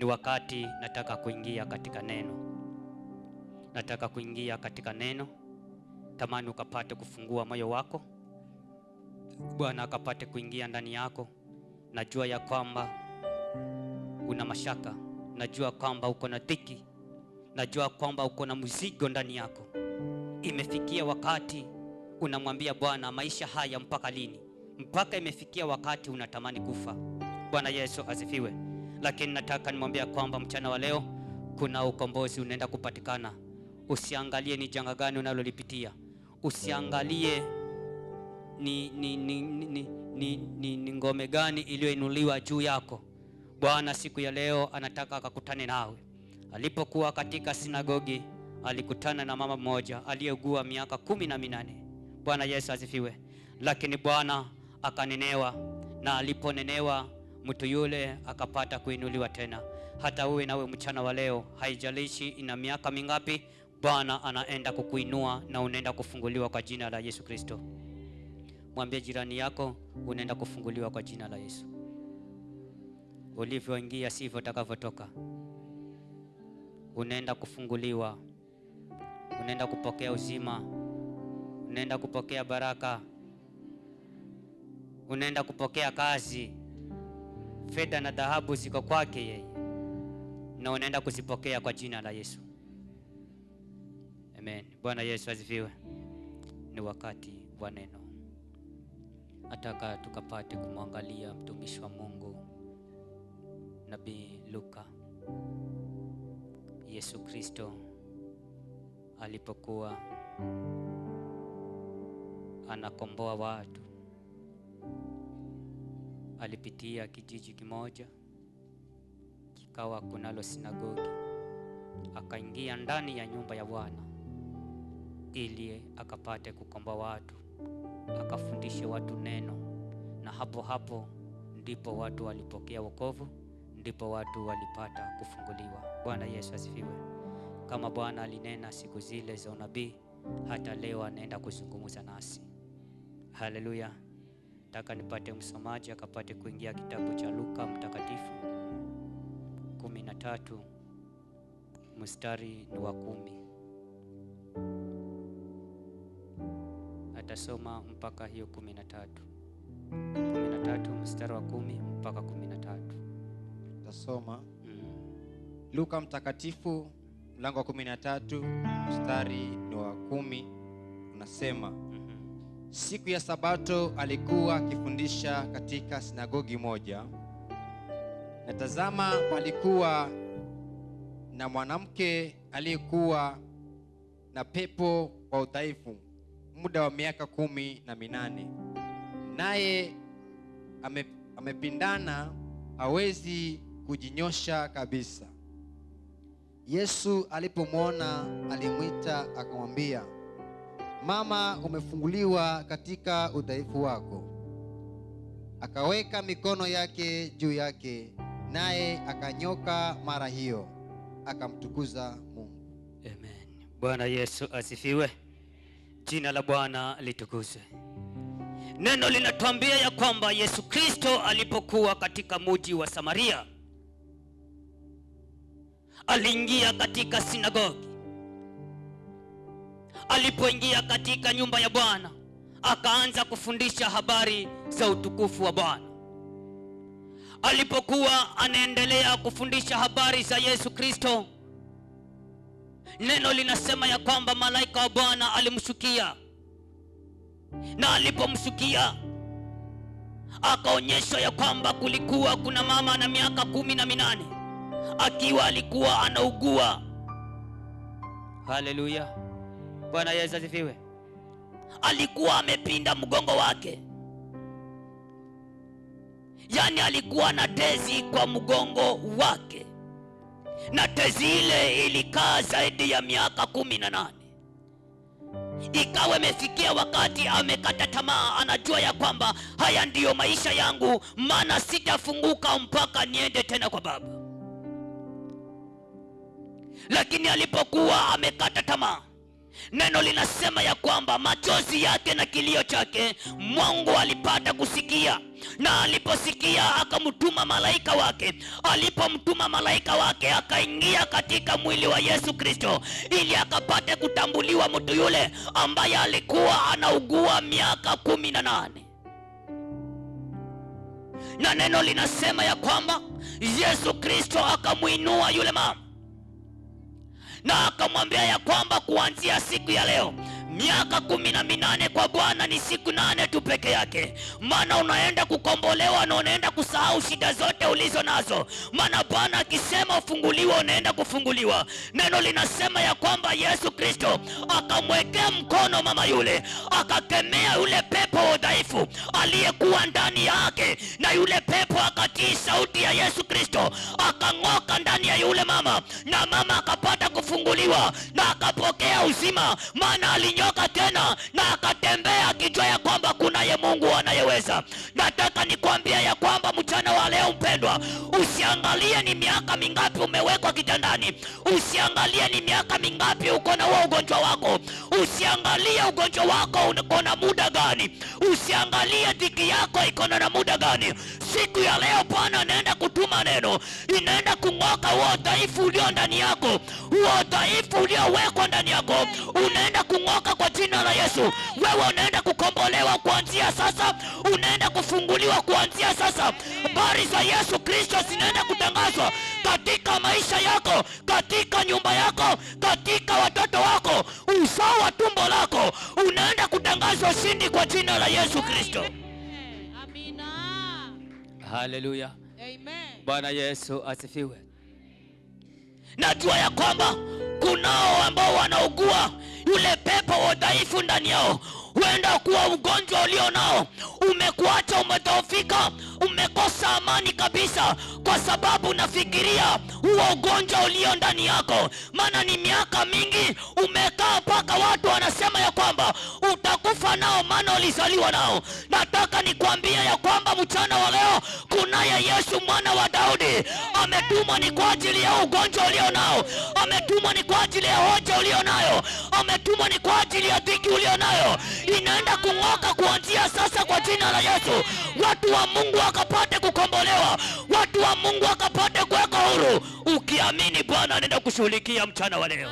Ni wakati nataka kuingia katika neno, nataka kuingia katika neno. Tamani ukapate kufungua moyo wako, Bwana akapate kuingia ndani yako. Najua ya kwamba una mashaka, najua kwamba uko na dhiki, najua kwamba uko na mzigo ndani yako. Imefikia wakati unamwambia Bwana, maisha haya mpaka lini? Mpaka imefikia wakati unatamani kufa. Bwana Yesu asifiwe lakini nataka nimwambia kwamba mchana wa leo kuna ukombozi unaenda kupatikana. Usiangalie ni janga gani unalolipitia, usiangalie ni, ni, ni, ni, ni, ni, ni ngome gani iliyoinuliwa juu yako. Bwana siku ya leo anataka akakutane nawe. Alipokuwa katika sinagogi, alikutana na mama mmoja aliyeugua miaka kumi na minane. Bwana Yesu asifiwe. Lakini Bwana akanenewa, na aliponenewa mtu yule akapata kuinuliwa tena. Hata uwe nawe mchana wa leo, haijalishi ina miaka mingapi, Bwana anaenda kukuinua na unaenda kufunguliwa kwa jina la Yesu Kristo. Mwambie jirani yako, unaenda kufunguliwa kwa jina la Yesu. Ulivyoingia sivyo utakavyotoka. Unaenda kufunguliwa, unaenda kupokea uzima, unaenda kupokea baraka, unaenda kupokea kazi Fedha na dhahabu ziko kwake yeye, na unaenda kuzipokea kwa jina la Yesu. Amen. Bwana Yesu asifiwe. Ni wakati wa neno. Nataka tukapate kumwangalia mtumishi wa Mungu Nabii Luka, Yesu Kristo alipokuwa anakomboa watu alipitia kijiji kimoja kikawa kunalo sinagogi, akaingia ndani ya nyumba ya Bwana ili akapate kukomba watu, akafundishe watu neno, na hapo hapo ndipo watu walipokea wokovu, ndipo watu walipata kufunguliwa. Bwana Yesu asifiwe. Kama Bwana alinena siku zile za unabii, hata leo anaenda kuzungumza nasi. Haleluya. Nataka nipate msomaji akapate kuingia kitabu cha Luka mtakatifu kumi na tatu mstari ni wa kumi. Atasoma mpaka hiyo kumi na tatu kumi na tatu mstari wa kumi mpaka kumi na tatu Tasoma mm. Luka mtakatifu mlango wa kumi na tatu mstari ni wa kumi unasema Siku ya Sabato alikuwa akifundisha katika sinagogi moja, na tazama, palikuwa na mwanamke aliyekuwa na pepo wa udhaifu muda wa miaka kumi na minane, naye amepindana hawezi kujinyosha kabisa. Yesu alipomwona alimwita akamwambia Mama, umefunguliwa katika udhaifu wako. Akaweka mikono yake juu yake, naye akanyoka mara hiyo, akamtukuza Mungu. Amen. Bwana Yesu asifiwe, jina la Bwana litukuzwe. Neno linatuambia ya kwamba Yesu Kristo alipokuwa katika mji wa Samaria, aliingia katika sinagogi alipoingia katika nyumba ya Bwana akaanza kufundisha habari za utukufu wa Bwana. Alipokuwa anaendelea kufundisha habari za Yesu Kristo, neno linasema ya kwamba malaika wa Bwana alimshukia, na alipomshukia akaonyeshwa ya kwamba kulikuwa kuna mama na miaka kumi na minane akiwa alikuwa anaugua. Haleluya! Bwana Yesu asifiwe. Alikuwa amepinda mgongo wake, yaani alikuwa na tezi kwa mgongo wake, na tezi ile ilikaa zaidi ya miaka kumi na nane. Ikawa imefikia wakati amekata tamaa, anajua ya kwamba haya ndiyo maisha yangu, maana sitafunguka mpaka niende tena kwa Baba. Lakini alipokuwa amekata tamaa Neno linasema ya kwamba machozi yake na kilio chake Mungu alipata kusikia, na aliposikia akamtuma malaika wake. Alipomtuma malaika wake, akaingia katika mwili wa Yesu Kristo ili akapate kutambuliwa mtu yule ambaye alikuwa anaugua miaka kumi na nane na neno linasema ya kwamba Yesu Kristo akamwinua yule mama na akamwambia ya kwamba kuanzia siku ya leo miaka kumi na minane kwa Bwana ni siku nane tu peke yake, maana unaenda kukombolewa na unaenda kusahau shida zote ulizo nazo, maana Bwana akisema ufunguliwe unaenda kufunguliwa. Neno linasema ya kwamba Yesu Kristo akamwekea mkono mama yule, akakemea yule pepo wa udhaifu aliyekuwa ndani yake, na yule pepo akatii sauti ya Yesu Kristo, akang'oka ndani ya yule mama, na mama akapata akafunguliwa na akapokea uzima, maana alinyoka tena na akatembea, akijua ya kwamba kunaye Mungu anayeweza. Nataka nikwambia ya kwamba mchana wa leo mpendwa, usiangalie ni miaka mingapi umewekwa kitandani, usiangalie ni miaka mingapi uko na huo ugonjwa wako, usiangalie ugonjwa wako uko na muda gani, usiangalie dhiki yako iko na muda gani. Siku ya leo Bwana anaenda kutuma neno, inaenda kung'oka huo dhaifu ulio ndani yako huo udhaifu uliowekwa ndani yako unaenda kung'oka kwa jina la Yesu. Wewe unaenda kukombolewa kuanzia sasa, unaenda kufunguliwa kuanzia sasa. Habari za Yesu Kristo zinaenda kutangazwa katika maisha yako, katika nyumba yako, katika watoto wako, uzao wa tumbo lako unaenda kutangazwa ushindi kwa jina la Yesu Kristo. Amina, haleluya, amen. Bwana Yesu asifiwe najua ya kwamba kunao ambao wanaugua yule pepo wa udhaifu ndani yao huenda kuwa ugonjwa ulio nao umekuacha umedhoofika umekosa amani kabisa kwa sababu nafikiria huo ugonjwa ulio ndani yako maana ni miaka mingi umekaa mpaka watu wanasema ya kwamba utakufa nao maana ulizaliwa nao nataka nikwambia ya kwamba mchana wa leo kunaye yesu mwana wa Daudi. Ametumwa ni kwa ajili ya ugonjwa ulio nao, ametumwa ni kwa ajili ya hoja ulio nayo, ametumwa ni kwa ajili ya dhiki ulio nayo. Inaenda kung'oka kuanzia sasa kwa jina la Yesu. Watu wa Mungu wakapate kukombolewa, watu wa Mungu wakapate kuweka huru. Ukiamini, Bwana anaenda kushughulikia mchana wa leo.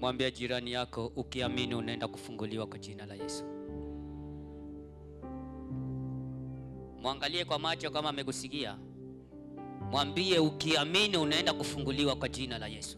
Mwambia jirani yako, ukiamini unaenda kufunguliwa kwa jina la Yesu. Mwangalie kwa macho kama amekusikia, mwambie ukiamini unaenda kufunguliwa kwa jina la Yesu.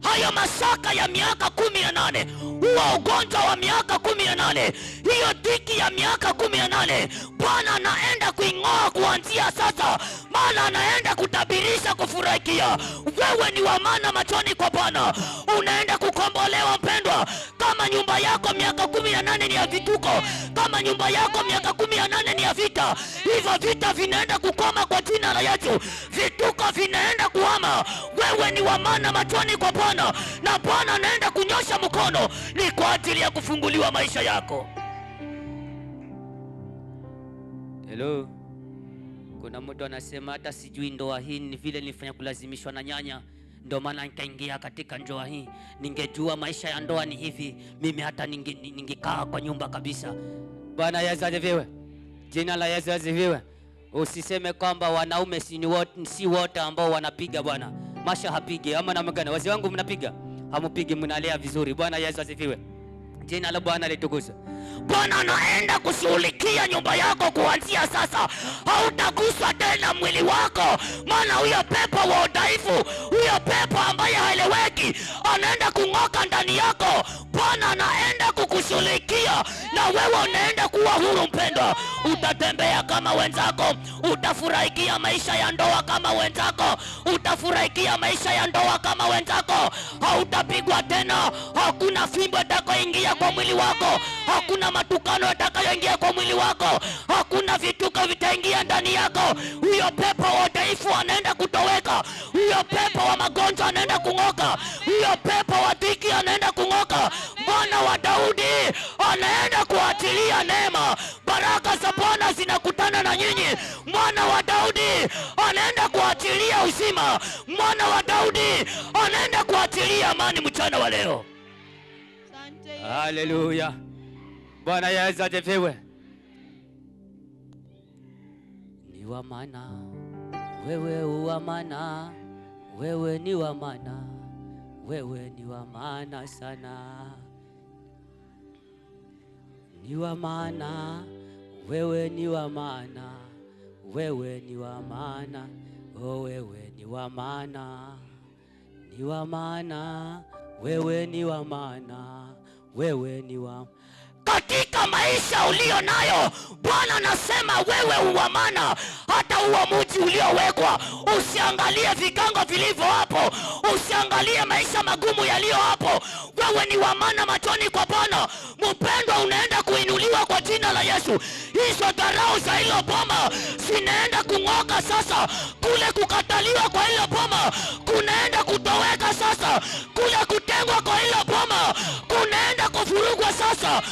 Hayo masaka ya miaka kumi na nane, huo ugonjwa wa miaka kumi na nane, hiyo dhiki ya miaka kumi na nane, Bwana anaenda kuing'oa kuanzia sasa maana anaenda kutabirisha kufurahikia. Wewe ni wa maana machoni kwa Bwana, unaenda kukombolewa mpendwa. Kama nyumba yako miaka kumi na nane ni ya vituko, kama nyumba yako miaka kumi na nane ni ya vita, hivyo vita vinaenda kukoma kwa jina la Yesu, vituko vinaenda kuhama. Wewe ni wa maana machoni kwa Bwana, na Bwana anaenda kunyosha mkono, ni kwa ajili ya kufunguliwa maisha yako. Hello. Kuna mtu anasema hata sijui ndoa hii ni vile nilifanya kulazimishwa na nyanya, ndio maana nikaingia katika ndoa hii. Ningejua maisha ya ndoa ni hivi, mimi hata ningekaa kwa nyumba kabisa. Bwana Yesu asifiwe, jina la Yesu asifiwe. Usiseme kwamba wanaume si wote ambao wanapiga. Bwana Masha hapigi ama namgana, wazee wangu mnapiga, hamupigi, mnalea vizuri. Bwana Yesu asifiwe. Jina la Bwana litukuzwe. Bwana anaenda kushughulikia nyumba yako kuanzia sasa. Hautaguswa tena mwili wako, maana huyo pepo wa udhaifu, huyo pepo ambaye haeleweki anaenda kung'oka ndani yako. Bwana anaenda kushughulikia, na wewe unaenda kuwa huru mpendwa. Utatembea kama wenzako, utafurahikia maisha ya ndoa kama wenzako, utafurahikia maisha ya ndoa kama wenzako. Hautapigwa tena, hakuna fimbo itakayoingia kwa mwili wako, hakuna matukano yatakayoingia kwa mwili wako, hakuna vituko vitaingia ndani yako. Huyo pepo wa udhaifu anaenda kutoweka, huyo pepo wa magonjwa anaenda kung'oka, huyo pepo wa hiki anaenda kung'oka. Mwana wa Daudi anaenda kuatilia neema, baraka za Bwana zinakutana na nyinyi. Mwana wa Daudi anaenda kuatilia uzima. Mwana wa Daudi anaenda kuatilia amani mchana wa leo. Haleluya, Bwana Yesu asifiwe. Ni wa maana wewe, uwa maana wewe, ni wa maana wewe ni wa maana sana, ni wa maana wewe, ni wa maana wewe, ni wa maana oh, wewe ni wa maana, ni wa maana wewe, ni wa maana wewe, ni wa katika maisha uliyo nayo. Bwana anasema wewe uwamana, hata uwa mji uliowekwa. Usiangalie vigango vilivyo hapo, usiangalie maisha magumu yaliyo hapo. Wewe ni wamana machoni kwa Bwana. Mpendwa, unaenda kuinuliwa kwa jina la Yesu. Hizo dharau za hilo boma zinaenda kung'oka sasa. Kule kukataliwa kwa hilo boma kunaenda kutoweka sasa. Kule kutengwa kwa hilo boma kunaenda kufurugwa sasa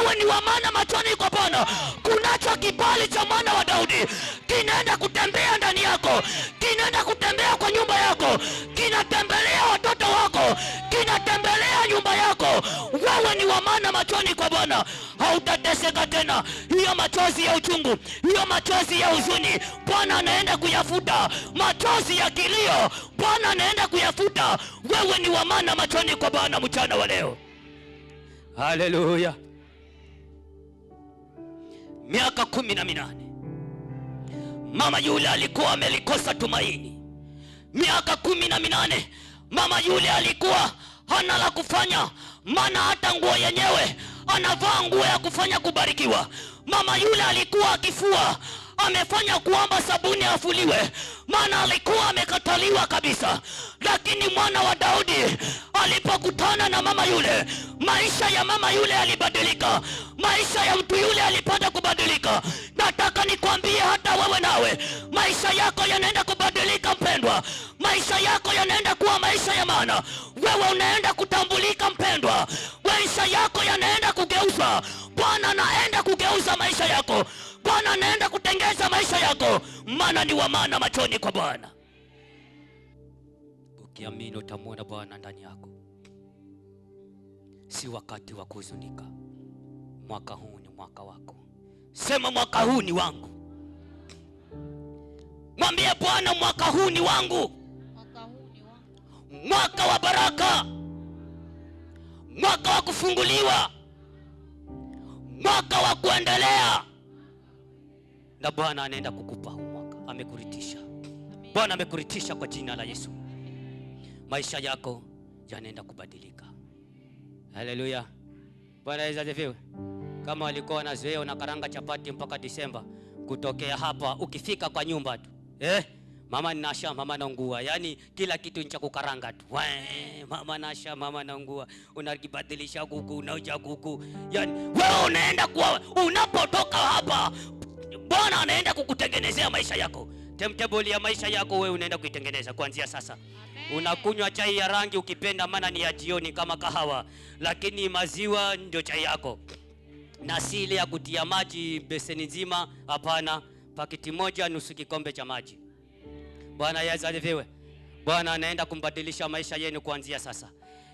wewe ni wa maana machoni kwa Bwana. Kunacho kibali cha mwana wa Daudi, kinaenda kutembea ndani yako, kinaenda kutembea kwa nyumba yako, kinatembelea watoto wako, kinatembelea nyumba yako. Wewe ni wa maana machoni kwa Bwana, hautateseka tena. Hiyo machozi ya uchungu, hiyo machozi ya huzuni, Bwana anaenda kuyafuta. Machozi ya kilio, Bwana anaenda kuyafuta. Wewe ni wa maana machoni kwa Bwana mchana wa leo. Haleluya miaka kumi na minane. Mama yule alikuwa amelikosa tumaini miaka kumi na minane. Mama yule alikuwa hana la kufanya, maana hata nguo yenyewe anavaa nguo ya kufanya kubarikiwa. Mama yule alikuwa akifua amefanya kuomba sabuni afuliwe, maana alikuwa amekataliwa kabisa. Lakini mwana wa Daudi alipokutana na mama yule, maisha ya mama yule yalibadilika, maisha ya mtu yule alipata kubadilika. Nataka nikwambie hata wewe nawe, maisha yako yanaenda kubadilika, mpendwa. Maisha yako yanaenda kuwa maisha ya maana. Wewe unaenda kutambulika, mpendwa. Maisha yako yanaenda kugeuzwa. Bwana anaenda kugeuza maisha yako. Bwana anaenda kutengeza maisha yako, maana ni wa maana machoni kwa Bwana. Ukiamini utamwona Bwana ndani yako. Si wakati wa kuhuzunika. Mwaka huu ni mwaka wako. Sema mwaka huu ni wangu. Mwambie Bwana, mwaka huu ni wangu, mwaka wa baraka, mwaka wa kufunguliwa, mwaka wa kuendelea na Bwana anaenda kukupa huu mwaka, amekuritisha. Bwana amekuritisha kwa jina la Yesu, maisha yako yanaenda kubadilika. Haleluya, Bwana Yesu asifiwe. Kama walikuwa wanazoea na karanga chapati mpaka Disemba, kutokea hapa ukifika kwa nyumba tu eh, mama ninasha, mama naungua, yani kila kitu ni cha kukaranga tu. We, mama nasha, mama naungua, unakibadilisha kuku, unauja kuku, yani wewe unaenda kuwa unapotoka hapa Bwana anaenda kukutengenezea maisha yako. Timetable ya maisha yako wewe unaenda kuitengeneza kuanzia sasa. Unakunywa chai ya rangi ukipenda, maana ni ya jioni kama kahawa, lakini maziwa ndio chai yako, na si ile ya kutia maji beseni nzima. Hapana, pakiti moja, nusu kikombe cha maji. Bwana Yesu Bwana anaenda kumbadilisha maisha yenu kuanzia sasa.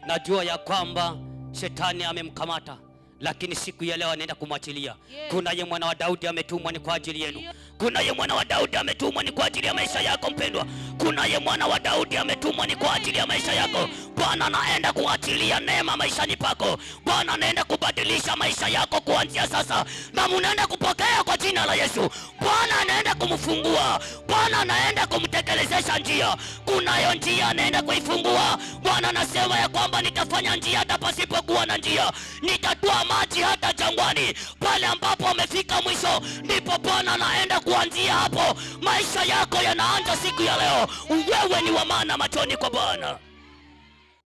Najua ya kwamba shetani amemkamata lakini siku ya leo anaenda kumwachilia. Kunaye mwana wa Daudi ametumwa ni kwa ajili yenu. Kunaye mwana wa Daudi ametumwa ni kwa ajili ya maisha yako mpendwa. Kunaye mwana wa Daudi ametumwa ni kwa ajili ya maisha yako. Bwana anaenda kuachilia neema maishani pako. Bwana anaenda kubadilisha maisha yako kuanzia sasa, na mnaenda kupokea kwa jina la Yesu. Bwana anaenda kumfungua, Bwana anaenda kumtekelezesha njia. Kunayo njia anaenda kuifungua. Bwana anasema ya kwamba nitafanya njia hata pasipokuwa na njia Nita Haitatua maji hata jangwani. Pale ambapo amefika mwisho, ndipo Bwana anaenda kuanzia hapo. Maisha yako yanaanza siku ya leo, wewe ni wa maana machoni kwa Bwana.